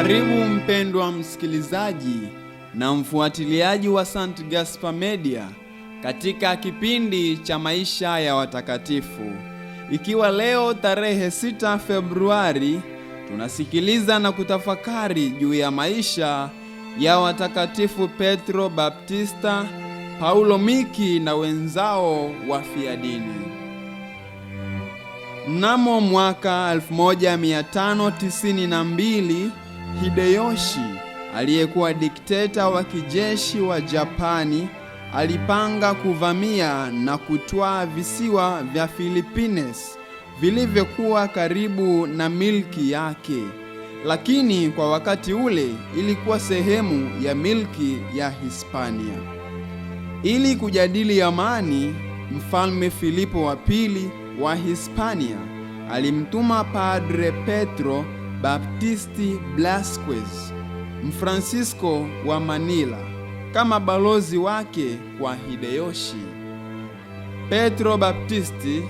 Karibu mpendwa msikilizaji na mfuatiliaji wa St. Gaspar Media katika kipindi cha maisha ya watakatifu, ikiwa leo tarehe 6 Februari tunasikiliza na kutafakari juu ya maisha ya watakatifu Petro Baptista, Paulo Miki na wenzao wafiadini. Mnamo mwaka 1592 Hideyoshi aliyekuwa dikteta wa kijeshi wa Japani alipanga kuvamia na kutwaa visiwa vya Philippines vilivyokuwa karibu na milki yake, lakini kwa wakati ule ilikuwa sehemu ya milki ya Hispania. Ili kujadili amani, Mfalme Filipo wa pili wa Hispania alimtuma Padre Petro Baptisti Blasquez, Mfransisko wa Manila, kama balozi wake kwa Hideyoshi. Petro Baptisti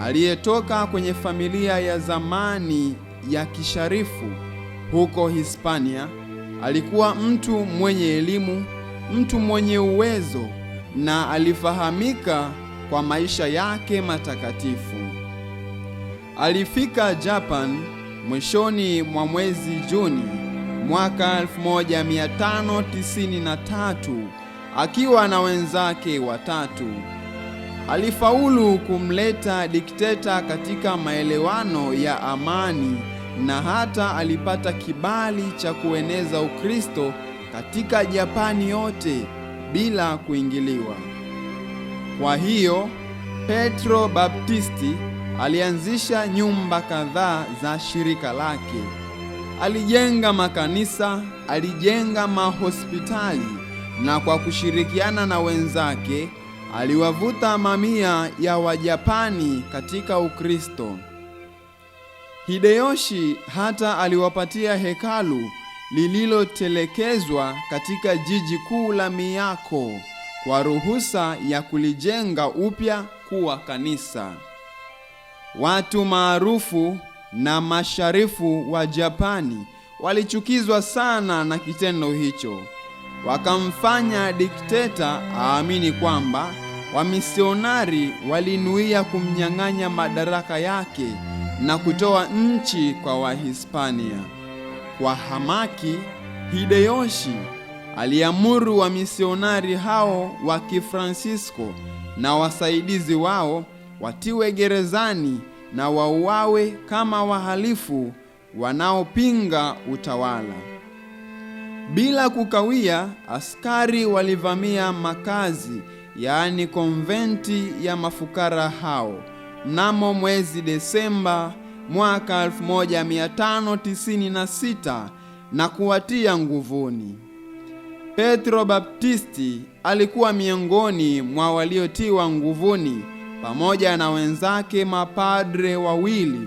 aliyetoka kwenye familia ya zamani ya kisharifu huko Hispania, alikuwa mtu mwenye elimu, mtu mwenye uwezo na alifahamika kwa maisha yake matakatifu. Alifika Japan Mwishoni mwa mwezi Juni mwaka 1593 akiwa na wenzake watatu alifaulu kumleta dikteta katika maelewano ya amani na hata alipata kibali cha kueneza Ukristo katika Japani yote bila kuingiliwa. Kwa hiyo Petro Baptisti Alianzisha nyumba kadhaa za shirika lake. Alijenga makanisa, alijenga mahospitali na kwa kushirikiana na wenzake aliwavuta mamia ya Wajapani katika Ukristo. Hideyoshi hata aliwapatia hekalu lililotelekezwa katika jiji kuu la Miyako kwa ruhusa ya kulijenga upya kuwa kanisa. Watu maarufu na masharifu wa Japani walichukizwa sana na kitendo hicho, wakamfanya dikteta aamini kwamba wamisionari walinuia kumnyang'anya madaraka yake na kutoa nchi kwa Wahispania. Kwa hamaki, Hideyoshi aliamuru wamisionari hao wa Kifransisko na wasaidizi wao watiwe gerezani na wauawe kama wahalifu wanaopinga utawala. Bila kukawia, askari walivamia makazi, yaani konventi ya mafukara hao mnamo mwezi Desemba mwaka 1596 na kuwatia nguvuni. Petro Baptisti alikuwa miongoni mwa waliotiwa nguvuni pamoja na wenzake mapadre wawili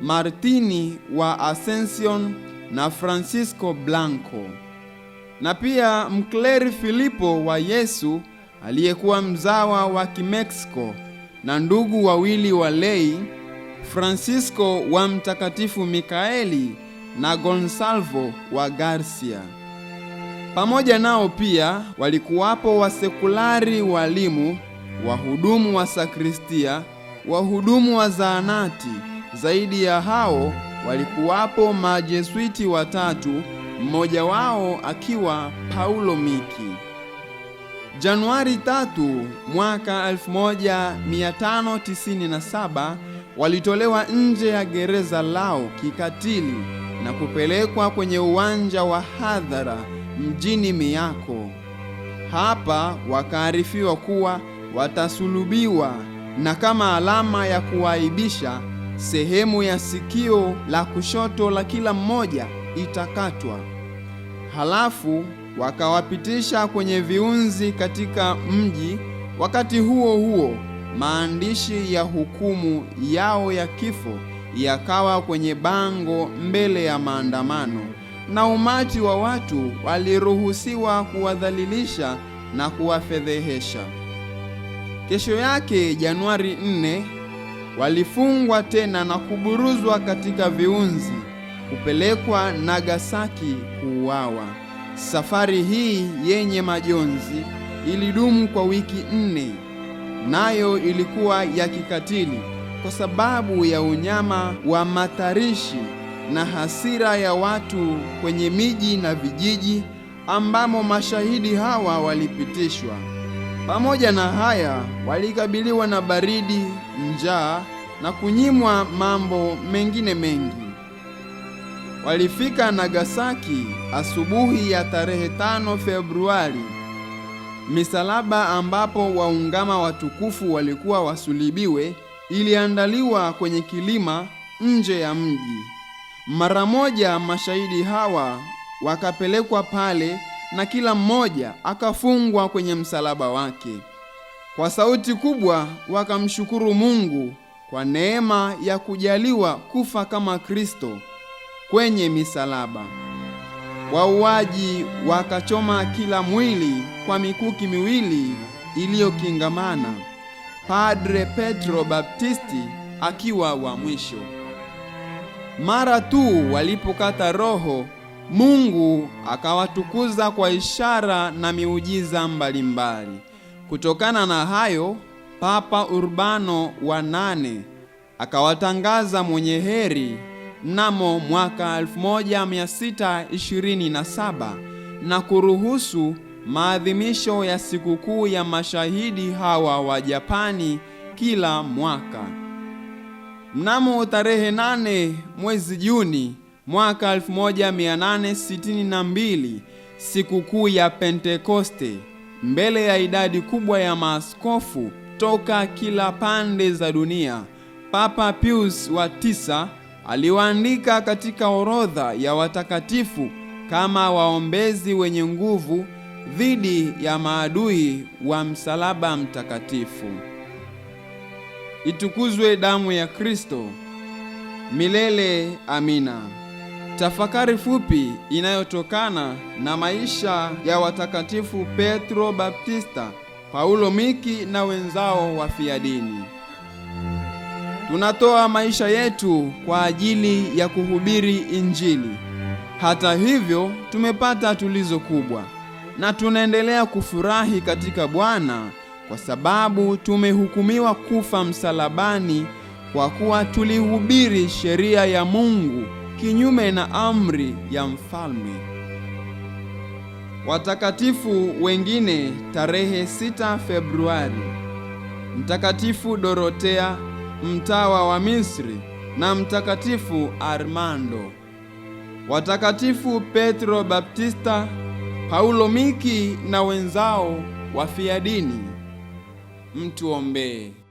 Martini wa Ascension na Francisco Blanco, na pia mkleri Filipo wa Yesu aliyekuwa mzawa wa Kimeksiko na ndugu wawili wa lei Francisco wa Mtakatifu Mikaeli na Gonsalvo wa Garcia. Pamoja nao pia walikuwapo wasekulari walimu wahudumu wa sakristia, wahudumu wa zaanati. Zaidi ya hao walikuwapo majesuiti watatu, mmoja wao akiwa Paulo Miki. Januari tatu mwaka 1597 walitolewa nje ya gereza lao kikatili na kupelekwa kwenye uwanja wa hadhara mjini Miako. Hapa wakaarifiwa kuwa watasulubiwa, na kama alama ya kuwaibisha sehemu ya sikio la kushoto la kila mmoja itakatwa. Halafu wakawapitisha kwenye viunzi katika mji. Wakati huo huo, maandishi ya hukumu yao ya kifo yakawa kwenye bango mbele ya maandamano, na umati wa watu waliruhusiwa kuwadhalilisha na kuwafedhehesha. Kesho yake Januari 4 walifungwa tena na kuburuzwa katika viunzi kupelekwa Nagasaki kuuawa. Safari hii yenye majonzi ilidumu kwa wiki nne, nayo ilikuwa ya kikatili kwa sababu ya unyama wa matarishi na hasira ya watu kwenye miji na vijiji ambamo mashahidi hawa walipitishwa. Pamoja na haya, walikabiliwa na baridi, njaa na kunyimwa mambo mengine mengi. Walifika Nagasaki asubuhi ya tarehe tano Februari, misalaba ambapo waungama watukufu walikuwa wasulibiwe iliandaliwa kwenye kilima nje ya mji. Mara moja mashahidi hawa wakapelekwa pale na kila mmoja akafungwa kwenye msalaba wake. Kwa sauti kubwa wakamshukuru Mungu kwa neema ya kujaliwa kufa kama Kristo kwenye misalaba. Wauaji wakachoma kila mwili kwa mikuki miwili iliyokingamana, Padre Petro Baptisti akiwa wa mwisho. Mara tu walipokata roho Mungu akawatukuza kwa ishara na miujiza mbalimbali mbali. Kutokana na hayo, Papa Urbano wa nane akawatangaza mwenye heri mnamo mwaka 1627 na kuruhusu maadhimisho ya sikukuu ya mashahidi hawa wa Japani kila mwaka. Mnamo tarehe nane mwezi Juni mwaka 1862 sikukuu ya Pentekoste mbele ya idadi kubwa ya maaskofu toka kila pande za dunia. Papa Pius wa tisa aliwaandika katika orodha ya watakatifu kama waombezi wenye nguvu dhidi ya maadui wa msalaba mtakatifu. Itukuzwe damu ya Kristo! Milele amina. Tafakari fupi inayotokana na maisha ya watakatifu Petro Baptista, Paulo Miki na wenzao wafiadini. Tunatoa maisha yetu kwa ajili ya kuhubiri Injili. Hata hivyo, tumepata tulizo kubwa na tunaendelea kufurahi katika Bwana kwa sababu tumehukumiwa kufa msalabani kwa kuwa tulihubiri sheria ya Mungu kinyume na amri ya mfalme. Watakatifu wengine tarehe 6 Februari: Mtakatifu Dorotea, mtawa wa Misri, na Mtakatifu Armando. Watakatifu Petro Baptista, Paulo Miki na wenzao wafiadini. Mtuombee.